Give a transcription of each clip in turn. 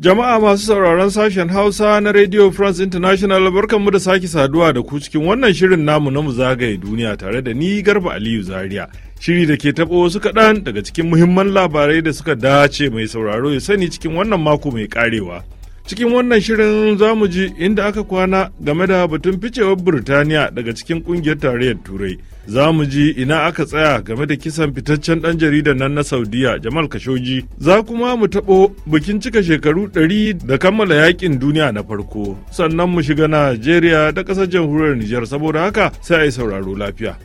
Jama'a masu sauraron sashen Hausa na Radio France International barkanmu da sake saduwa da ku cikin wannan shirin namu na mu zagaye duniya tare da ni Garba Aliyu Zaria. Shiri da ke taɓo wasu kaɗan daga cikin muhimman labarai da suka dace mai sauraro ya sani cikin wannan mako mai ƙarewa. Cikin wannan shirin za mu ji inda aka kwana game da batun ficewar Birtaniya daga cikin kungiyar tarayyar Turai. Za mu ji ina aka tsaya game da kisan fitaccen ɗan jaridar nan na Saudiya Jamal kashoji Za kuma mu taɓo bikin cika shekaru ɗari da kammala yakin duniya na farko. Sannan mu shiga Najeriya da ƙasar jamhuriyar Nijar saboda haka sai a yi sauraro lafiya.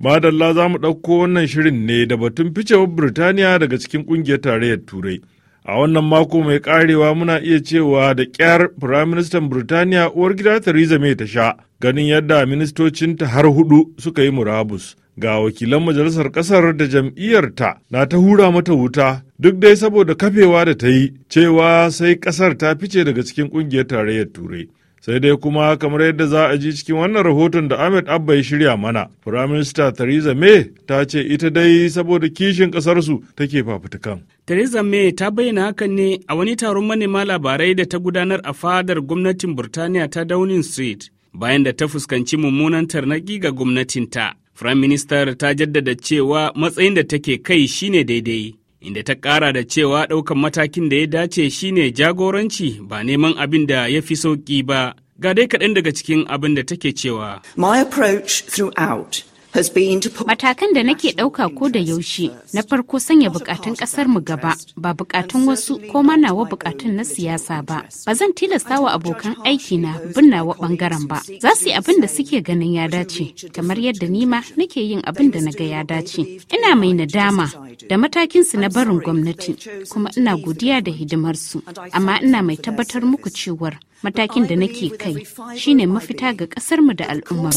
Madalla za mu ɗauko wannan shirin ne da batun ficewar Birtaniya daga cikin ƙungiyar tarayyar Turai. A wannan mako mai ƙarewa muna iya cewa da ƙyar Firaministan Birtaniya uwar gida Theresa May ta sha, ganin yadda ministocinta har hudu suka yi murabus. Ga wakilan majalisar ƙasar da jam'iyyarta na ta hura mata wuta duk dai saboda kafewa da ta yi cewa sai ƙasar ta fice daga cikin ƙungiyar tarayyar Turai. sai dai kuma kamar yadda za a ji cikin wannan rahoton da ahmed abba ya shirya mana firaminista theresa may ta ce ita dai saboda kishin ƙasarsu take fafutukan theresa may ta bayyana hakan ne a wani taron manema labarai da ta gudanar a fadar gwamnatin burtaniya ta downing street bayan da ta fuskanci mummunan tarnaki ga gwamnatinta firaministar ta jaddada cewa matsayin da take kai shine daidai inda ta ƙara da cewa ɗaukan matakin da ya dace shine jagoranci ba neman abin da ya fi sauƙi ba. Ga dai kaɗan daga cikin abin da take cewa. My approach throughout Matakan da nake ɗauka ko da yaushe na farko sanya bukatun ƙasar mu gaba ba bukatun wasu ko manawa bukatun na siyasa ba. Ba zan tilasta wa abokan aiki na bin nawa bangaren ba. Za su yi abin da suke ganin ya dace kamar yadda ni ma nake yin abin da na ga ya dace. Ina mai nadama da matakinsu na barin gwamnati kuma ina godiya da hidimarsu amma ina mai tabbatar muku cewar matakin da nake kai shine mafita ga ƙasarmu da the for and al'ummar.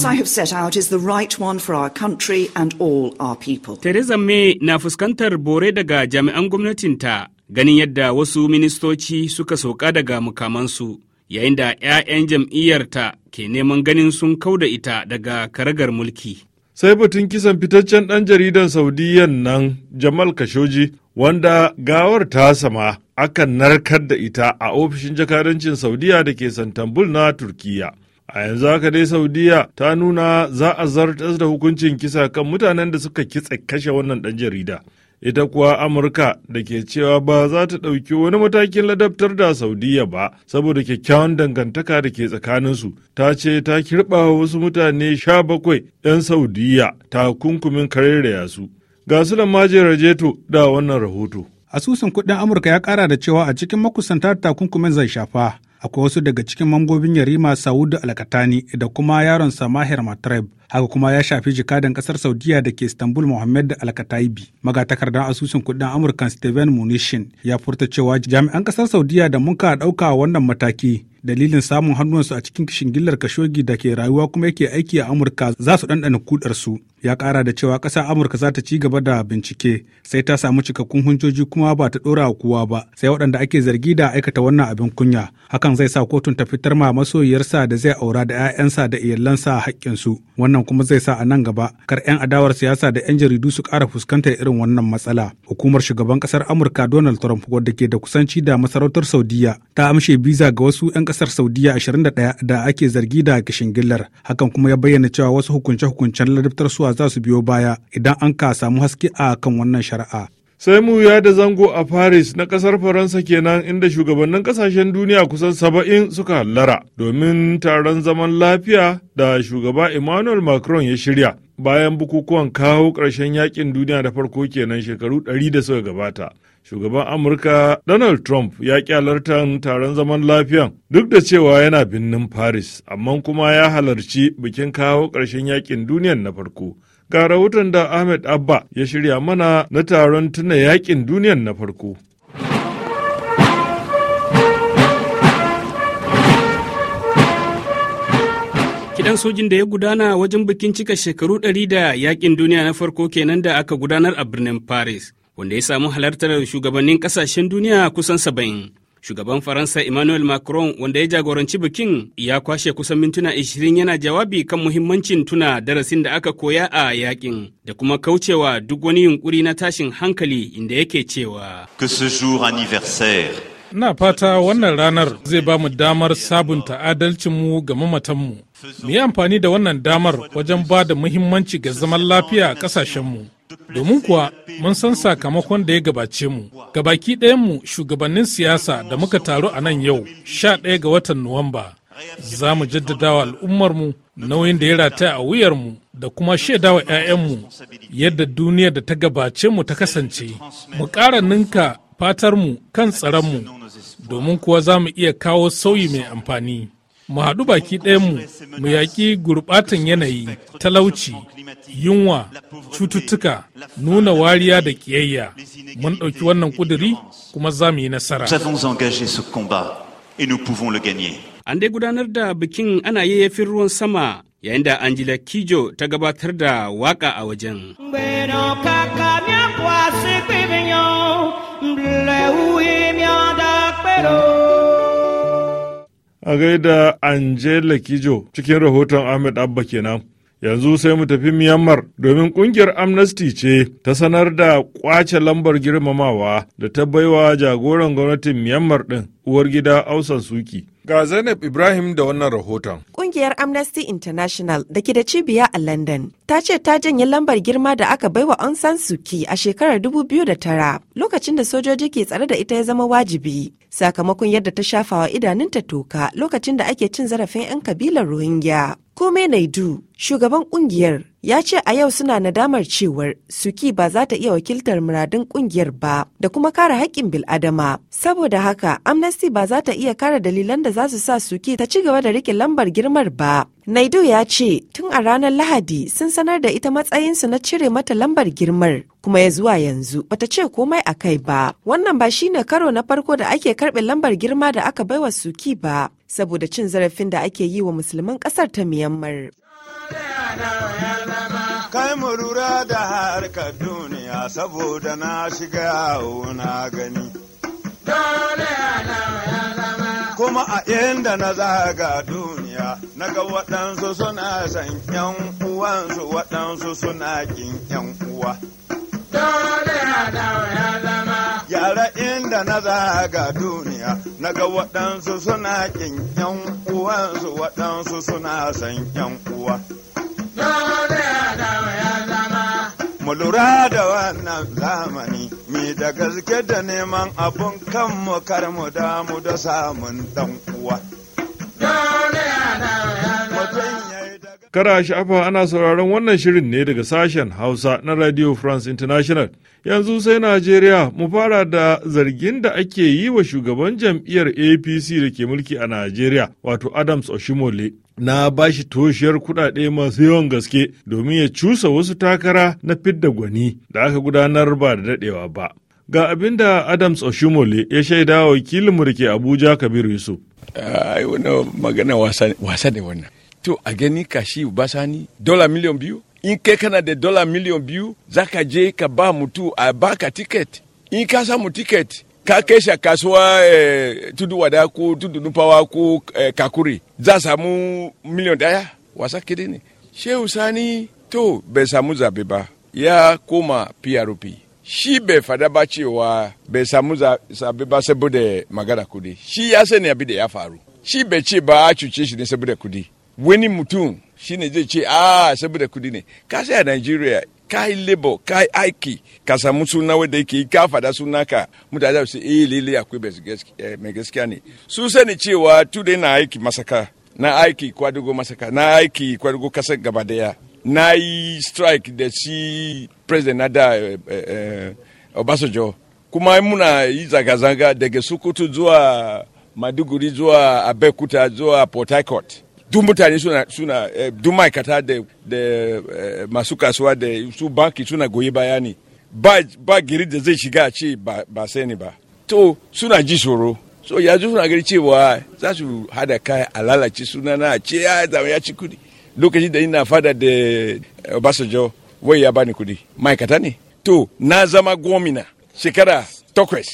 Theresa May na fuskantar bore daga jami'an gwamnatinta ganin yadda wasu ministoci suka sauka daga mukamansu yayin da 'ya'yan jam'iyyarta ke neman ganin sun kauda ita daga karagar mulki. sai batun kisan fitaccen ɗan jaridan saudiyan nan jamal kashoji wanda gawar ta sama akan narkar da ita a ofishin jakadancin saudiya da ke santambul na turkiya a yanzu haka dai saudiya ta nuna za a zartas da hukuncin kisa kan mutanen da suka kitse kashe wannan ɗan jarida ita kuwa amurka da ke cewa ba za ta ɗauki wani matakin ladabtar da saudiya ba saboda kyakkyawan dangantaka da ke tsakaninsu ta ce ta kirɓa wasu mutane sha bakwai 'yan saudiya takunkumin kareraya su ga su da majerar jeto da wannan rahoto asusun kuɗin amurka ya ƙara da cewa a cikin makusanta takunkumin zai shafa akwai wasu daga cikin mambobin yarima saudu alkatani da kuma yaron mahir matreb haka kuma ya shafi jikadan kasar saudiya da ke istanbul mohammed alkataibi magatakardan asusun kudin amurka steven munishin ya furta cewa jami'an kasar saudiya da muka dauka wannan mataki dalilin samun hannuwansu a cikin shingillar kashogi da ke rayuwa kuma yake aiki a amurka za su ɗanɗana kudarsu ya kara da cewa ƙasar amurka za ta ci gaba da bincike sai ta samu cikakkun hujjoji kuma ba ta ɗora kowa ba sai waɗanda ake zargi da aikata wannan abin kunya hakan zai sa kotun ta fitar ma masoyiyarsa da zai aura da 'ya'yansa da iyalansa haƙƙinsu wannan kuma zai sa a nan gaba kar 'yan adawar siyasa da 'yan jaridu su ƙara fuskantar irin wannan matsala hukumar shugaban ƙasar amurka donald trump wadda ke da kusanci da masarautar saudiya ta amshe biza ga wasu 'yan ƙasar saudiya 21 da ake zargi da kishingillar hakan kuma ya bayyana cewa wasu hukunce-hukuncen ladabtar suwa abubuwa za su biyo baya idan an ka samu haske a kan wannan shari'a. sai mu ya da zango a paris na kasar faransa kenan inda shugabannin kasashen duniya kusan saba'in suka hallara domin taron zaman lafiya da shugaba emmanuel macron ya shirya bayan bukukuwan kawo ƙarshen yakin duniya da farko kenan shekaru 100 da suka gabata shugaban Amurka Donald Trump ya ƙi taron zaman lafiya duk da cewa yana birnin Paris, amma kuma ya halarci bikin kawo ƙarshen yakin duniyan na farko. Ga rahoton da Ahmed Abba ya shirya mana na taron tuna yaƙin duniyan na farko. kiɗan sojin da ya gudana wajen bikin cika shekaru ɗari da yaƙin duniya na farko kenan da aka gudanar a birnin Paris. wanda ya samu halartar shugabannin kasashen duniya kusan saba'in. Shugaban Faransa Emmanuel Macron wanda ya jagoranci bikin ya kwashe kusan mintuna 20 yana jawabi kan muhimmancin tuna darasin da aka koya a yakin da kuma kaucewa duk wani yunkuri na tashin hankali inda yake cewa. na Ina fata wannan ranar zai bamu damar sabunta adalcinmu ga mamatanmu. Mu yi amfani da wannan damar wajen ba da muhimmanci ga zaman lafiya a ƙasashenmu. domin kuwa mun san sakamakon da ya gabace mu ga gabaki mu shugabannin siyasa da muka taru a nan yau sha ɗaya ga watan nuwamba za mu jaddadawa al'ummarmu nauyin da ya rataya a wuyarmu da kuma shaidawa 'ya'yanmu yadda duniya da ta gabace mu ta kasance mu ƙara ninka fatarmu kan tsaronmu domin kuwa za mu iya kawo sauyi mai amfani. mu haɗu baki ɗayanmu mu yaƙi gurɓatan yanayi talauci yunwa cututtuka nuna wariya da ƙiyayya mun ɗauki wannan ƙuduri kuma za mu yi nasara an dai gudanar da bikin ana yayyafin ruwan sama yayin da angela kijo ta gabatar da waka a wajen Pero a gaida Angela Kijo cikin rahoton Ahmed Abba kenan. Yanzu sai mu tafi Myanmar domin kungiyar Amnesty ce ta sanar da kwace lambar girmamawa da ta baiwa jagoran gwamnatin Myanmar ɗin uwar gida Ausan Suki. Ga Zainab Ibrahim da wannan rahoton. Kungiyar Amnesty International da ke da cibiya a London ta ce ta janye lambar girma da aka baiwa wa San Suu a shekarar 2009 lokacin da sojoji ke tsare da ita ya zama wajibi sakamakon yadda ta shafawa idanunta toka lokacin da ake cin zarafin 'yan kabilar Rohingya. Kome Naidu, shugaban kungiyar ya ce a yau suna nadamar cewar suki ba za ta iya wakiltar muradun kungiyar ba da kuma kare haƙƙin bil'adama saboda haka amnesty ba za ta iya kare dalilan da za su sa suki ta ci gaba da rike lambar girmar ba naidu ya ce tun a ranar lahadi sun sanar da ita matsayinsu na cire mata lambar girmar kuma ya zuwa yanzu bata ce komai a kai ba wannan ba shine karo na farko da ake karɓe lambar girma da aka baiwa suki ba saboda cin zarafin da ake yi wa musulmin ƙasar ta myanmar kai mu lura da harkar duniya saboda na shiga na gani. Dole ya zama. Kuma a inda na zaga duniya, na ga waɗansu suna san ‘yan uwansu waɗansu suna kin ‘yan uwa. Dole ya zama. Yara inda na zaga duniya, na ga waɗansu suna kin ‘yan uwansu waɗansu suna san ‘yan uwa. mu lura da wannan zamani mi da gaske da neman abun kanmu kar mu damu da samun dan uwa Kada a sha'afa ana sauraron wannan shirin ne daga sashen Hausa na Radio France International. Yanzu sai Najeriya mu fara da zargin da ake yi wa shugaban jam'iyyar APC da ke mulki a Najeriya wato Adams Oshimole. Na bashi toshiyar kudade masu yawan gaske domin ya cusa wasu takara na fidda gwani da aka gudanar ba da dadewa ba. Ga abin da Adams Oshimole ya shaida wakilinmu da ke Abuja Kabir Yusuf. Uh, magana wasa ne wannan. to a gani kashi basani dola miliyɔn biyu in kai kana da dola miliyan biyu zaka je ka ba mutu a baka tiket in ka samu tiket ka kai kasuwa eh, tudu wada tudu nufawa ko eh, kakuri za samu miliyan daya wasa kidi ne shehu sani to bai samu zabe ba ya koma prp shi bai fada ba cewa bai samu zabe ba saboda magana kudi shi ya sani bi da ya faru shi bai ce ba a cuce shi ne saboda kudi wani mutum shine zai ce a ah, saboda kudi ne ka sai a nigeria ka yi labor ka yi aiki ka samu suna wadda yake ka fada suna ka mutane su eh lele akwai mai gaskiya eh, ne su sani cewa tude na aiki masaka na aiki kwadugo masaka na aiki kwadugo kasa gaba daya na yi strike da shi president na da eh, eh, obasanjo kuma muna yi zanga-zanga daga sokoto zuwa maduguri zuwa abekuta zuwa port harcourt duk mutane suna suna eh, duk ma'aikata da eh, masu kasuwa da su banki suna goyi baya ne ba ba giri da zai shiga a ce ba sai ne ba to suna ji tsoro so yanzu suna gari cewa za su hada kaya a lalace suna na ce ya ah, zama ya ci kudi lokacin da ina fada da eh, obasanjo wai ya bani kudi ma'aikata ne to na zama gomina shekara takwas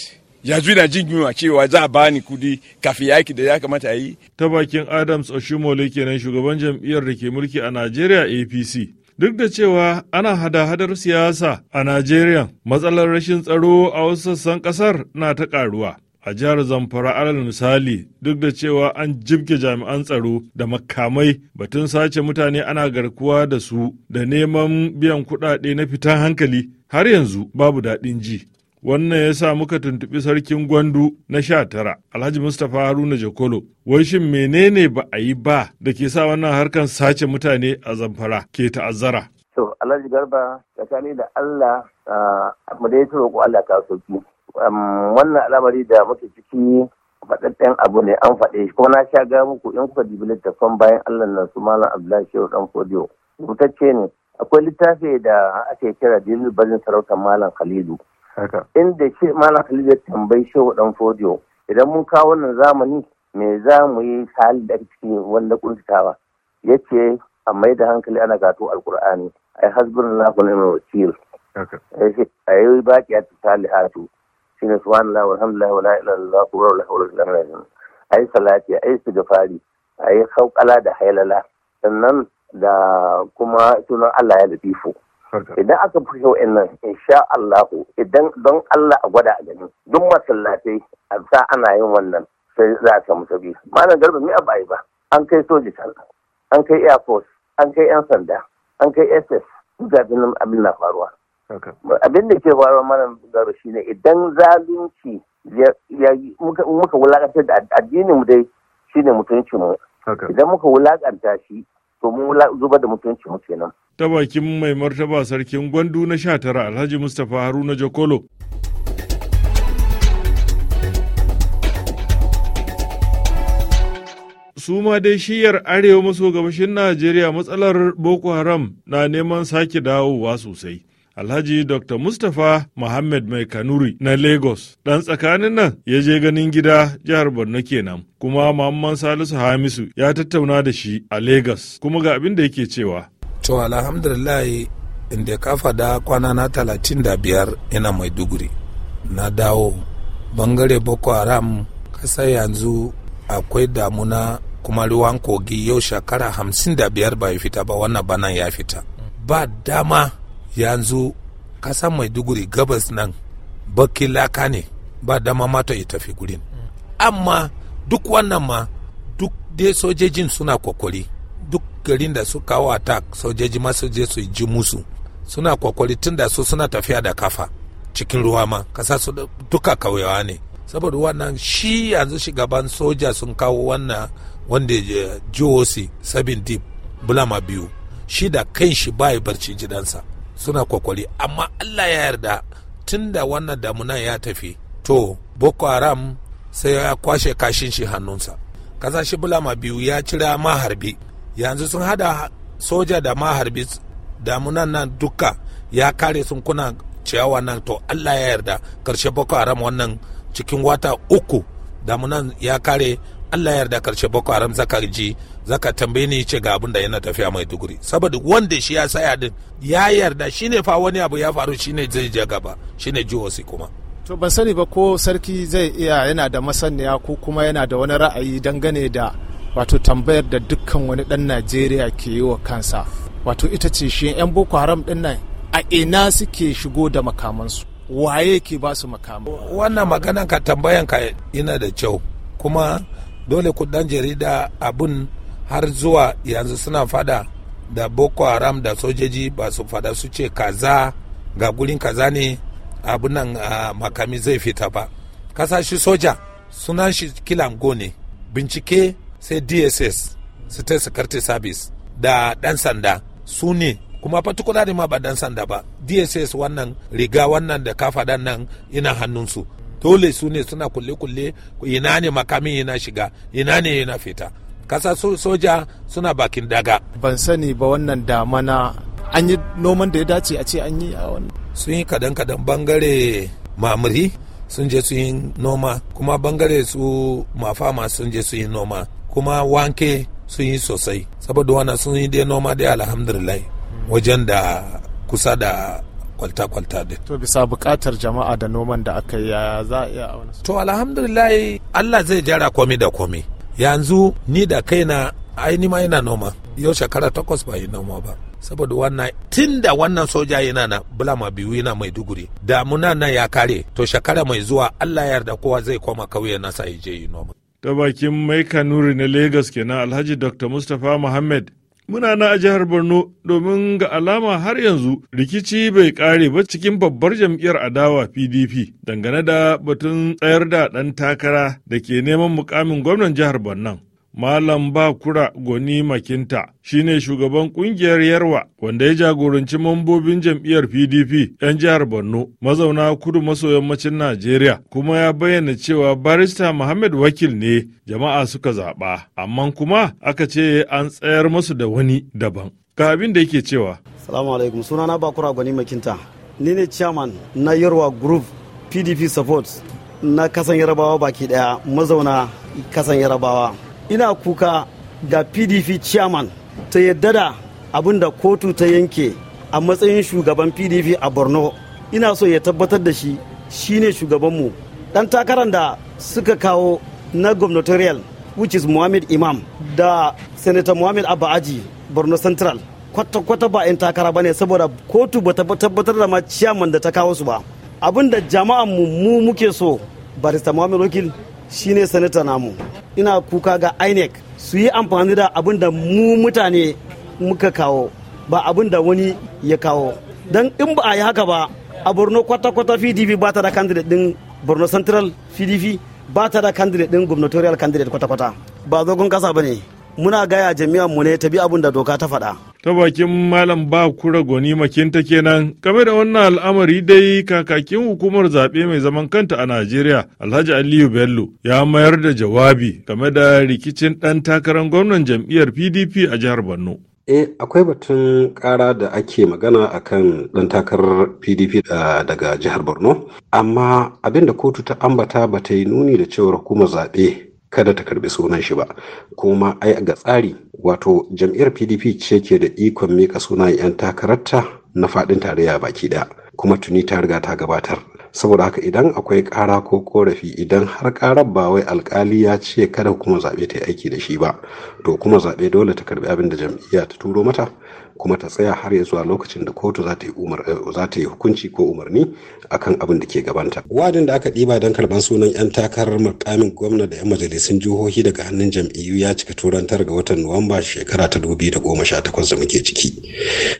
yanzu na jin yunwa cewa za a bani kudi kafin yaki da ya kamata a yi. Ta bakin Adams Oshimole kenan shugaban jam'iyyar da ke mulki a Najeriya APC. Duk da cewa ana hada-hadar siyasa a Najeriya, matsalar rashin tsaro a wasu sassan kasar na ta karuwa A jihar Zamfara alal misali duk da cewa an jibge jami'an tsaro da makamai batun sace mutane ana garkuwa da su da neman biyan kuɗaɗe na fitan hankali har yanzu babu daɗin ji. wannan ya sa muka tuntuɓi sarkin gwandu na sha tara alhaji mustapha haruna jakolo wai shin menene ba a yi ba da ke sa wannan harkan sace mutane a zamfara ke ta'azzara to alhaji garba tsakani da allah ah, mu dai ta roƙo allah ta soki wannan al'amari da muke ciki faɗaɗɗen abu ne an faɗe shi kuma na sha ga muku in kuka dibi littattafan bayan allah na su malam abdullahi shehu dan kodiyo rubutacce ne akwai littafi da ake kira dilil bazin sarautar malam khalilu inda shi mana ali ya tambayi shehu dan fodiyo idan mun kawo wannan zamani me za mu yi hali da ciki wanda kuntatawa ya ce a mai da hankali ana gato alkur'ani ai hasbun lahu ni'mal wakil a yi baki a salihatu shi ne suwan lahu alhamdulillah wa la ilaha illallah wa la hawla wa a yi salati a yi sigafari a yi haukala da hailala sannan da kuma sunan Allah ya latifu idan aka fi wa'in nan insha Allahu idan don Allah a gwada a gani duk masallatai a sa ana yin wannan sai za a samu sabi malam garba mi abu ba an kai soji an kai air force an kai yan sanda an kai ss duka abin na faruwa abin da ke faruwa malam garba shine idan zalunci ya muka wulakanta da addinin mu dai shine mutuncin mu idan muka wulakanta shi to mu zuba da mutuncin mu kenan ta bakin mai martaba sarkin gwandu na sha tara alhaji mustapha haruna jakolo su ma dai shiyar arewa maso gabashin najeriya matsalar boko haram na neman sake dawowa sosai Alhaji Dr. Mustapha Muhammad Mai Kanuri na Lagos. dan tsakanin nan ya je ganin gida jihar Borno kenan, kuma mahamman Salisu Hamisu ya tattauna da shi a Lagos, kuma ga abin da yake cewa. to alhamdulillah inda ka fada kwana na talatin da biyar ina maiduguri na dawo bangare boko haram kasa yanzu akwai damuna kuma ruwan kogi yau shekara hamsin da biyar ya fita ba wannan banan ya fita ba dama yanzu kasan maiduguri gabas nan baki laka ne ba dama mata ya tafi gurin amma duk wannan ma duk dai sojejin suna kokori duk garin da su kawo attack sojeji masu je su ji musu suna kwakwari tun da su suna tafiya da kafa cikin ruwa ma kasa su duka kauyawa ne saboda wannan shi yanzu shugaban soja sun kawo wannan wanda sabin 70 bulama biyu shi da kan shi bai barci gidansa suna kwakwari amma allah ya yarda tun da wannan damunan ya tafi to boko haram sai ya kwashe kashin shi hannunsa kasa bulama biyu ya cira ma harbi yanzu sun hada soja da maharbi damunan nan duka ya kare sun kuna ciyawa nan to allah ya yarda karshe boko haram wannan cikin wata uku damunan ya kare allah ya yarda karshe boko haram zaka ji zaka tambaye ni ce ga abin da yana tafiya mai duguri saboda wanda shi ya saya din ya yarda shine fa wani abu ya faru shine zai je gaba shine jihosi kuma to ban sani ba ko sarki zai iya yana da masaniya ko kuma yana da wani ra'ayi dangane da wato tambayar da dukkan wani dan najeriya ke yi wa kansa wato ita ce shi 'yan boko haram din nan a ina suke shigo da makamansu waye ke ba su makaman wannan maganan ka tambayan ka ina da kyau kuma dole ku dan jarida abun har zuwa yanzu suna fada da boko haram da sojoji ba su fada su ce kaza ga gurin kaza ne abun nan makami zai fita ba kasashe soja sunan shi kilango ne bincike sai dss state security service da dan sanda su ne kuma particularly ma ba dan sanda ba dss wannan riga wannan da kafaɗan nan ina hannunsu dole su ne suna kulle-kulle ina ne makamin yana shiga ina ne yana fita kasa soja suna bakin daga ban sani ba wannan damana an yi noman da ya dace a ce an yi a wannan sun yi kadan-kadan bangare mamuri sun je sun yi noma kuma bangare su mafama sun je sun yi noma kuma wanke sun yi sosai saboda wannan sun yi dai noma dai alhamdulillah wajen da kusa da kwalta-kwalta da To bisa bukatar jama'a da noman da aka yi za a iya wani To alhamdulillah Allah zai jara komi da komi. Yanzu ni da kaina aini ma ina noma. Yau shekara takwas ba yi noma ba. Saboda wannan tun da wannan soja yana na bulama biyu yana mai duguri. Damuna na ya kare to shekara mai zuwa Allah yarda kowa zai koma kauye na sa je yi noma. ta bakin mai kanuri na Legas kenan Alhaji Dr. Mustapha Muhammad. Muna na a jihar Borno domin ga alama har yanzu rikici bai kare ba cikin babbar jam'iyyar adawa PDP dangane da batun tsayar da ɗan takara da ke neman mukamin gwamnan jihar Borno. Malam Bakura Goni Makinta ne shugaban kungiyar Yarwa wanda ya jagoranci mambobin jam'iyyar PDP 'yan jihar Borno mazauna kudu maso yammacin Najeriya kuma ya bayyana cewa barista Muhammad Wakil ne jama'a suka zaɓa amma kuma aka ce an tsayar masu da wani daban. Ga abin da yake cewa. Salamu alaikum sunana Bakura Goni Makinta ni ne chairman na Yarwa Group PDP Support na kasan Yarabawa baki daya mazauna kasan Yarabawa. ina kuka ga pdp chairman ta yadda da abin da kotu ta yanke a matsayin shugaban pdp a borno ina so ya tabbatar da shi shine shugabanmu dan takarar da suka kawo na gubernatorial which is muhammad imam da senator muhammad abba aji borno central kwata-kwata ba 'yan takara ba ne saboda kotu ba tabbatar da ma ciyaman da ta kawo su ba abin da jama'an mu muke so barista muhammad wakil shine sanata namu ina kuka ga inec su yi amfani da abin da mu mutane muka kawo ba abin da wani ya kawo don in ba a yi haka ba a borno kwata-kwata pdp ba ta da candidate din borno central pdp ba ta da candidate din gubernatorial candidate kwata-kwata ba zogon kasa ba ne muna gaya jami'an mu ne ta bi abin da doka ta faɗa ta bakin malam ba kura goni makinta kenan game da wannan al'amari dai kakakin hukumar zaɓe mai zaman kanta a najeriya alhaji aliyu bello ya mayar da jawabi game da rikicin ɗan takarar gwamnan jam'iyyar pdp a jihar borno e akwai batun kara da ake magana a kan ɗan takarar pdp daga jihar borno amma abinda kotu ta ambata ba ta yi nuni da cewar hukumar zaɓe kada ta karbi sunan shi ba kuma ai ga tsari wato jam'iyyar pdp ce ke da ikon mika sunan 'yan takararta na faɗin tarayya baki ɗaya kuma tuni ta riga ta gabatar saboda haka idan akwai kara ko korafi idan har karar ba wai alkali ya ce kada kuma zaɓe ta yi aiki da shi ba to kuma zaɓe dole ta karbi abin da jam'iyya ta turo mata kuma ta tsaya har ya zuwa lokacin da kotu za ta yi eh, hukunci ko umarni akan abin da ke gabanta wadin da aka ɗiba don karban sunan yan takarar mukamin gwamna da yan majalisun jihohi daga hannun jam'iyyu ya cika turantar ga watan nuwamba shekara ta dubi da goma sha takwas da muke ciki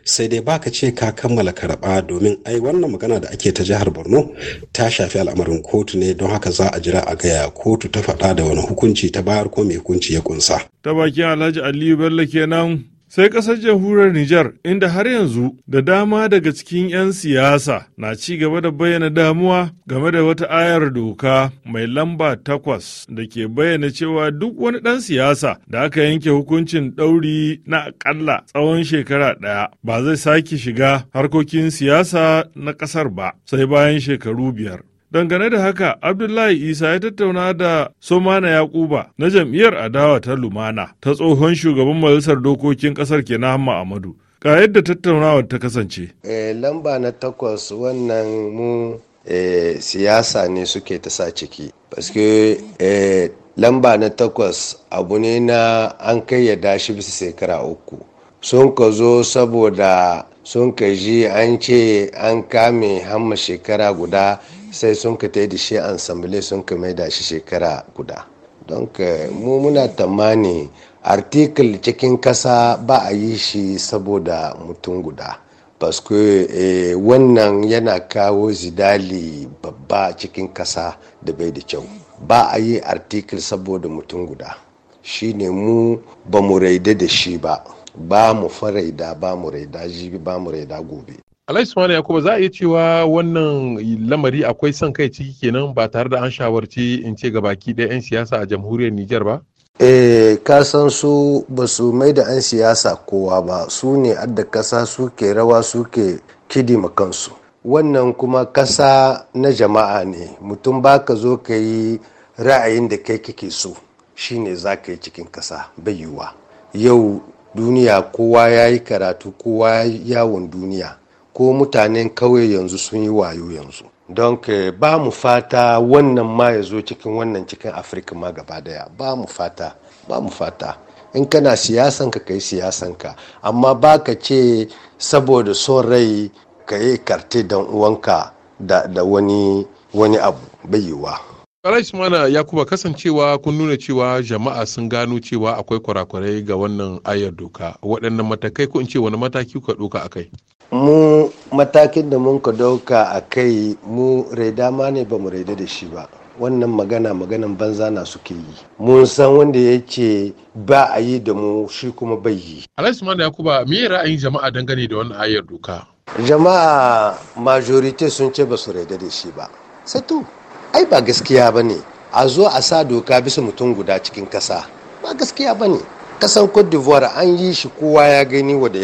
sai dai baka ce ka kammala karɓa domin ai wannan magana da ake ta jihar borno ta shafi al'amarin kotu ne don haka za a jira a gaya kotu ta faɗa da wani hukunci ta bayar ko mai hukunci ya kunsa ta baki alhaji aliyu bello kenan sai ƙasar jamhuriyar Nijar inda har yanzu da dama daga cikin 'yan siyasa na ci gaba da bayyana damuwa game da wata ayar doka mai lamba takwas da ke bayyana cewa duk wani ɗan siyasa da aka yanke hukuncin ɗauri na aƙalla tsawon shekara ɗaya ba zai sake shiga harkokin siyasa na ƙasar ba sai bayan shekaru biyar. Dangane da haka, Abdullahi Isa ya tattauna da Somana Yakuba na jam'iyyar adawa ta Lumana ta tsohon shugaban majalisar dokokin ƙasar kenan Hamma Amadu. Ga yadda tattaunawar ta kasance. Eh, lamba na takwas wannan mu eh, siyasa ne suke ta sa ciki. Paske eh, lamba na takwas abu ne na an kayyada shi bisa shekara uku. Sun ka zo saboda sun ka ji an ce an kame hamma shekara guda sai sun ka yi shi ansambile sun ka mai da shi shekara guda don mu muna tamani artikel cikin kasa ba a yi shi saboda mutum guda basko eh, wannan yana kawo zidali babba cikin kasa da bai da kyau ba a yi artikel saboda mutum guda shi ne mu ba mu raida da shi ba ba mu faraida ba mu raida jibi ba mu raida gobe alai sumana yakuba za a iya cewa wannan lamari akwai son kai ciki kenan ba tare da an shawarci in ce ga baki ɗaya 'yan siyasa a jamhuriyar nijar ba eh ka san su ba su mai da 'yan siyasa kowa ba su ne adda kasa su ke rawa su ke kidi kansu wannan kuma kasa na jama'a ne mutum ba ka zo ka yi ra'ayin da kai kake so shine za ka yi cikin kasa bayyuwa yau duniya kowa ya yi karatu kowa yawon duniya ko mutanen kauye yanzu sun yi wayo yanzu don ba mu fata wannan ma ya zo cikin wannan cikin afirka ma gaba daya ba mu fata ba mu fata in kana siyasan ka kai siyasan ka amma ba ka ce saboda son rai ka yi karte dan uwanka da, da wani wani abu bayyuwa Rais mana Yakuba kasancewa kun nuna cewa jama'a sun gano cewa akwai kurakurai ga wannan ayar doka waɗannan matakai ko in ce wani mataki kuka doka akai mu matakin da mun ka dauka a kai mu raida ma ne ba mu raida da shi ba wannan magana maganan banza na suke yi mun san wanda ya ce ba a yi da mu shi kuma bai yi alhaji mana yakuba me ra'ayin jama'a dangane da wannan ayar doka jama'a majority sun ce ba su raida da shi ba sato ai ba gaskiya ba ne a zo a sa doka bisa mutum guda cikin kasa ba gaskiya ba ne kasan cote d'ivoire an yi shi kowa ya gani wanda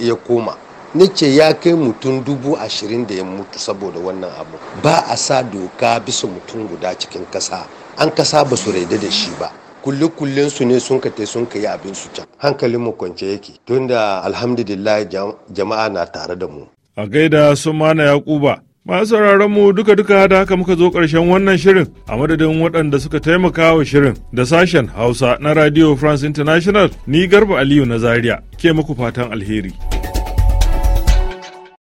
ya koma nace ya kai mutum dubu ashirin da ya mutu saboda wannan abu ba a sa doka bisa mutum guda cikin kasa an kasa ba su raida da shi ba kulle kullen su ne sun kate sun kai abin su can hankalin mu kwance yake tunda alhamdulillah jama'a na tare da mu a gaida sun mana yakuba masu sauraron mu duka duka da haka muka zo karshen wannan shirin a madadin waɗanda suka taimaka wa shirin da sashen hausa na radio france international ni garba aliyu na zaria ke muku fatan alheri.